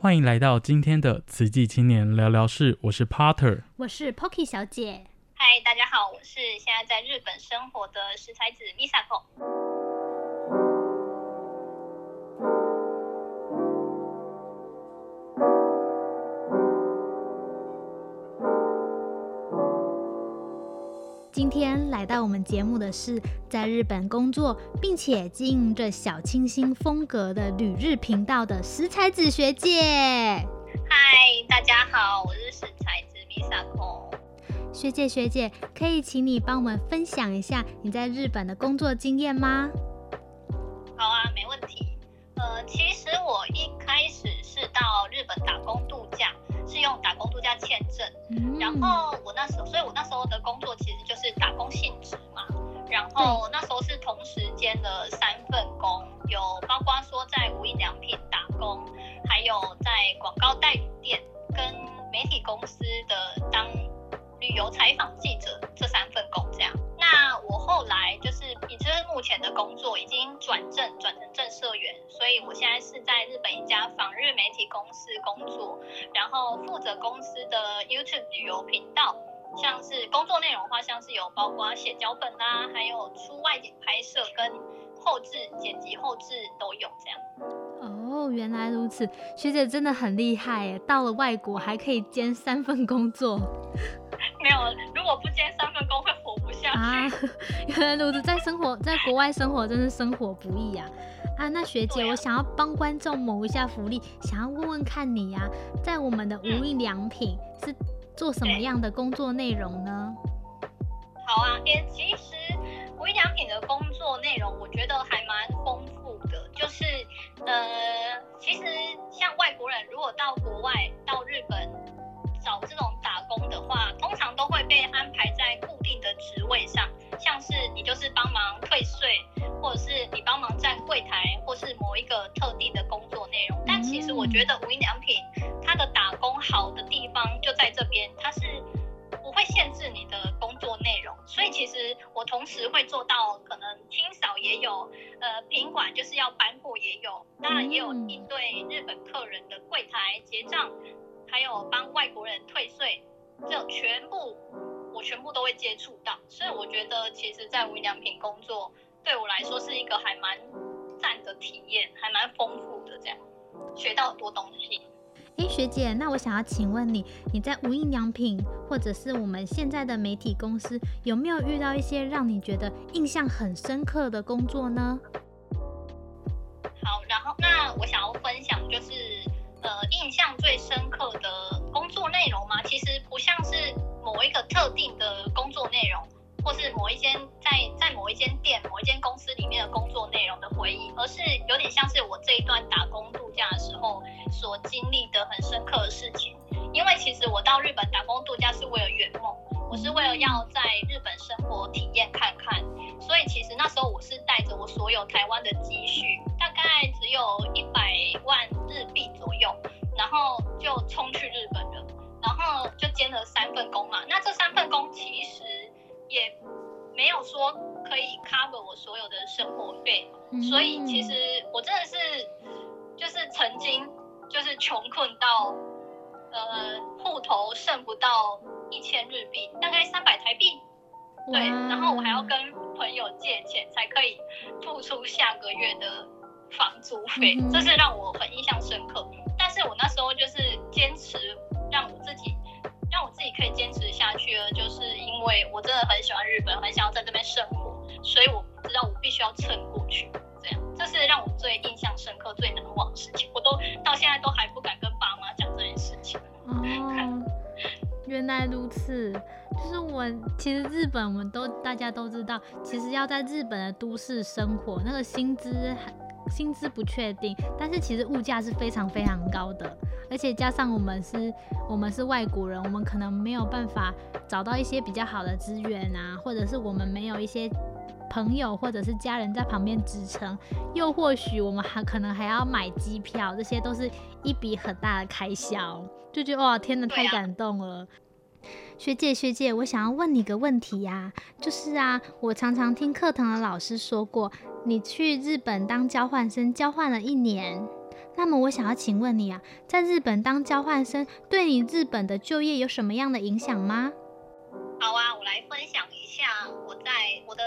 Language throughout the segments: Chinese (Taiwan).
歡迎來到今天的《瓷器青年聊聊室》，我是 Potter，我是 Pokey 小姐。嗨，大家好，我是現在在日本生活的實彩子 Misako。今天來到我們節目的是，在日本工作並且經營着小清新風格的旅日頻道的實彩子學姐。嗨，大家好，我是實彩子 Misako。學姐學姐，可以請你幫我們分享一下你在日本的工作經驗嗎？好啊，沒問題。呃，其實我一開始是到日本打工度。是用打工度假簽證，嗯、然後我那時候，所以我那時候的工作其實就是打工性質嘛，然後那時候是同時兼了三份工，有包括說在無印良品。呃，YouTube 旅遊頻道，像是工作內容的話，像是有包括寫腳本啦、啊，還有出外景拍攝跟後製剪輯，後製都有這樣。哦，原來如此，學姐真的很厲害耶，到了外國還可以兼三份工作。沒有，如果不兼三份工會活不下去。啊，原來如此，在生活，在國外生活真是生活不易啊。啊，那學姐，啊、我想要幫觀眾謀一下福利，想要問問看你呀、啊，在我們的無印良品是做什麼樣的工作內容呢？好啊，也其實無印良品的工作內容我覺得還蠻豐富的，就是呃，其實像外國人如果到國外到日本找這種。就是幫忙退稅，或者是你幫忙站櫃檯，或是某一個特定的工作內容。但其實我覺得無印良品它的打工好的地方就在這邊，它是不會限制你的工作內容。所以其實我同時會做到，可能清掃也有，呃，品管就是要搬貨，也有，當然也有應對日本客人的櫃檯結賬、嗯，還有幫外國人退稅，這全部。我全部都會接觸到，所以我覺得，其實，在無印良品工作對我來說是一個還蠻贊的體驗，還蠻豐富的，這樣學到很多東西。哎，學姐，那我想要請問你，你在無印良品或者是我們現在的媒體公司，有沒有遇到一些讓你覺得印象很深刻的工作呢？好，然後那我想要分享就是，呃，印象最深刻的工作內容嘛，其實不像是。某一個特定的工作內容，或是某一間在在某一間店，某一間公司裡面的工作內容的回憶，而是有點像是我這一段打工度假的時候所經歷的很深刻的事情。因為其實我到日本打工度假是為了圓夢，我是為了要在日本生活體驗看看，所以其實那時候我是帶着我所有台灣的積蓄，大概只有一百萬日幣左右，然後就衝去日本了。然後就兼了三份工嘛，那這三份工其實也沒有說可以 cover 我所有的生活費，嗯嗯，所以其實我真的是就是曾經就是窮困到呃戶頭剩不到一千日幣，大概三百台幣，哇對，然後我還要跟朋友借錢才可以付出下個月的房租費，嗯嗯，這是讓我很印象深刻。但是我那時候就是堅持。讓我自己，讓我自己可以堅持下去了，就是因為我真的很喜歡日本，很想要在這邊生活，所以我知道我必須要撐過去。這樣，這是讓我最印象深刻、最難忘的事情，我都到現在都還不敢跟爸媽講這件事情。哦、 原來如此，就是我其實日本我，我們都大家都知道，其實要在日本的都市生活，那個薪資還薪資不確定，但是其實物價是非常非常高的。而且加上我們是，我們是外國人，我們可能沒有辦法找到一些比較好的資源啊，或者是我們沒有一些朋友或者是家人在旁邊支撐，又或許我們還可能還要買機票，這些都是一筆很大的開銷，就覺得哇，天吶，太感動了。學姐，學姐，我想要問你個問題呀、啊，就是啊，我常常聽課堂的老師說過，你去日本當交換生，交換了一年。那麼我想要請問你啊，在日本當交換生，對你日本的就業有什麼樣的影響嗎？好啊，我來分享一下我在我的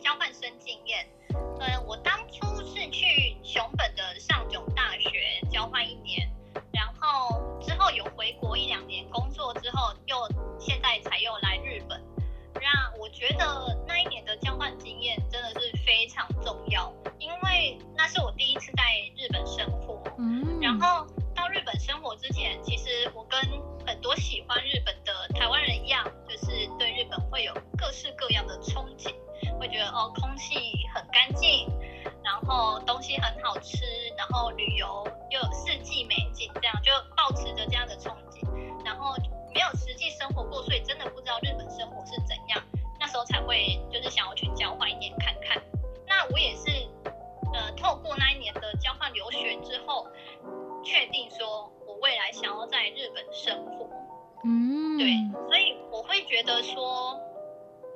交換生經驗。嗯，我當初是去熊本的。覺得說，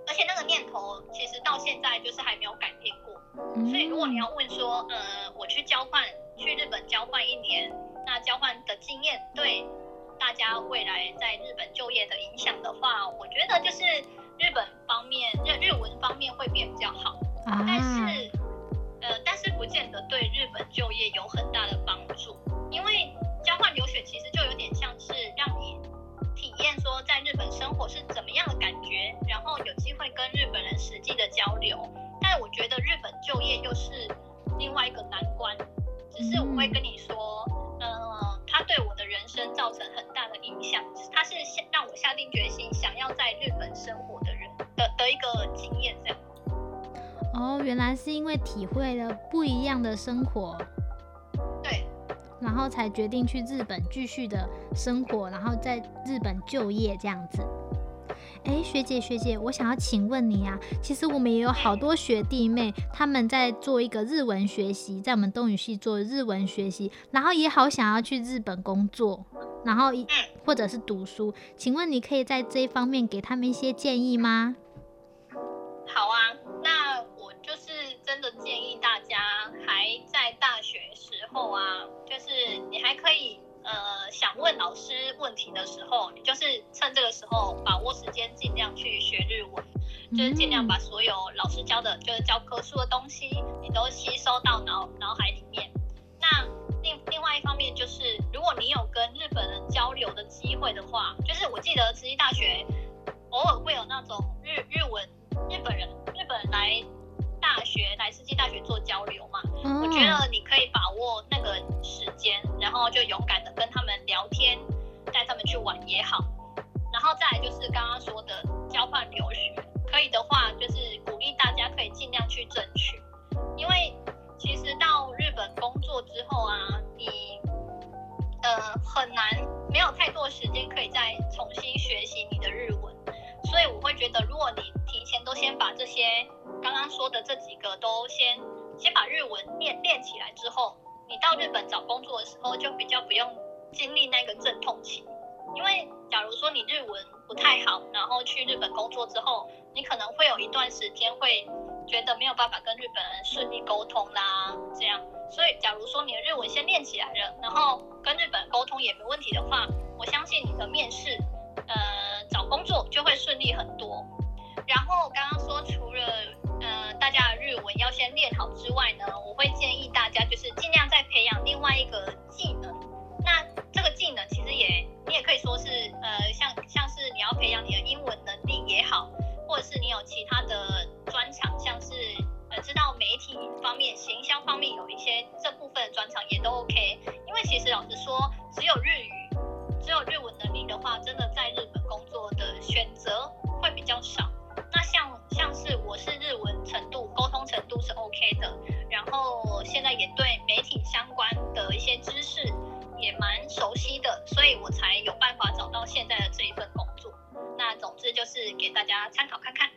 而且那個念頭其實到現在就是還沒有改變過。嗯、哼所以如果你要問說，呃，我去交換，去日本交換一年，那交換的經驗對大家未來在日本就業的影響的話，我覺得就是日本方面，日日文方面會變比較好，啊啊但是，呃，但是不見得對日本就業有很大的幫助，因為交換留學其實就有。的的一個經驗這樣，哦，原來是因為體會了不一樣的生活，對，然後才決定去日本繼續的生活，然後在日本就業這樣子。哎、欸，學姐學姐，我想要請問你啊，其實我們也有好多學弟妹、嗯、他們在做一個日文學習，在我們東語系做日文學習，然後也好想要去日本工作，然後一、嗯、或者是讀書，請問你可以在這一方面給他們一些建議嗎？好啊，那我就是真的建議大家還在大學時候啊，就是你還可以，呃，想問老師問題的時候，你就是趁這個時候把握時間，盡量去學日文，就是盡量把所有老師教的，就是教科書的東西，你都吸收到腦腦海裡面。那另另外一方面就是，如果你有跟日本人交流的機會的話，就是我記得慈濟大學偶爾會有那種日日文。日本人，日本人來大學來世紀大學做交流嘛。嗯、我覺得你可以把握那個時間，然後就勇敢的跟他們聊天，帶他們去玩也好。然後再來就是剛剛說的交換留學，可以的話就是鼓勵大家可以盡量去爭取。剛剛說的這幾個都先先把日文練練起來之後，你到日本找工作的時候就比較不用經歷那個陣痛期。因為假如說你日文不太好，然後去日本工作之後，你可能會有一段時間會覺得沒有辦法跟日本人順利溝通啦，這樣。所以假如說你的日文先練起來了，然後跟日本人溝通也沒問題的話，我相信你的面試，呃，找工作就會順利很多。然後剛剛說。外呢，我會建議大家就是儘量再培養另外一個技能。那這個技能其實也你也可以說是，呃，像像是你要培養你的英文能力也好，或者是你有其他的專長，像是呃知道媒體方面、形象方面有一些這部分的專長也都 OK。因為其實老實說，只有日語、只有日文能力的話，真的在日本工作的選擇會比較少。那像像是我是日文。OK 的，然後現在也對媒體相關的一些知識也蠻熟悉的，所以我才有辦法找到現在的這一份工作。那總之就是給大家參考看看。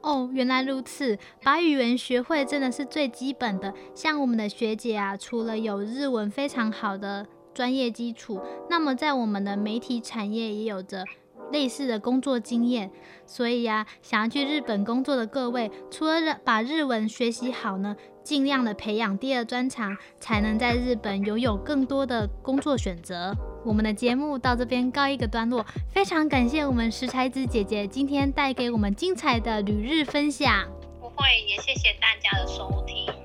哦，原來如此，把語言學會真的是最基本的。像我們的學姐啊，除了有日文非常好的專業基礎，那麼在我們的媒體產業也有着類似的工作經驗，所以呀、啊，想要去日本工作的各位，除了把日文學習好呢，盡量的培養第二專長，才能在日本擁有更多的工作選擇。我們的節目到這邊告一個段落，非常感謝我們實彩子姐姐今天帶給我們精彩的旅日分享，不會也謝謝大家的收聽。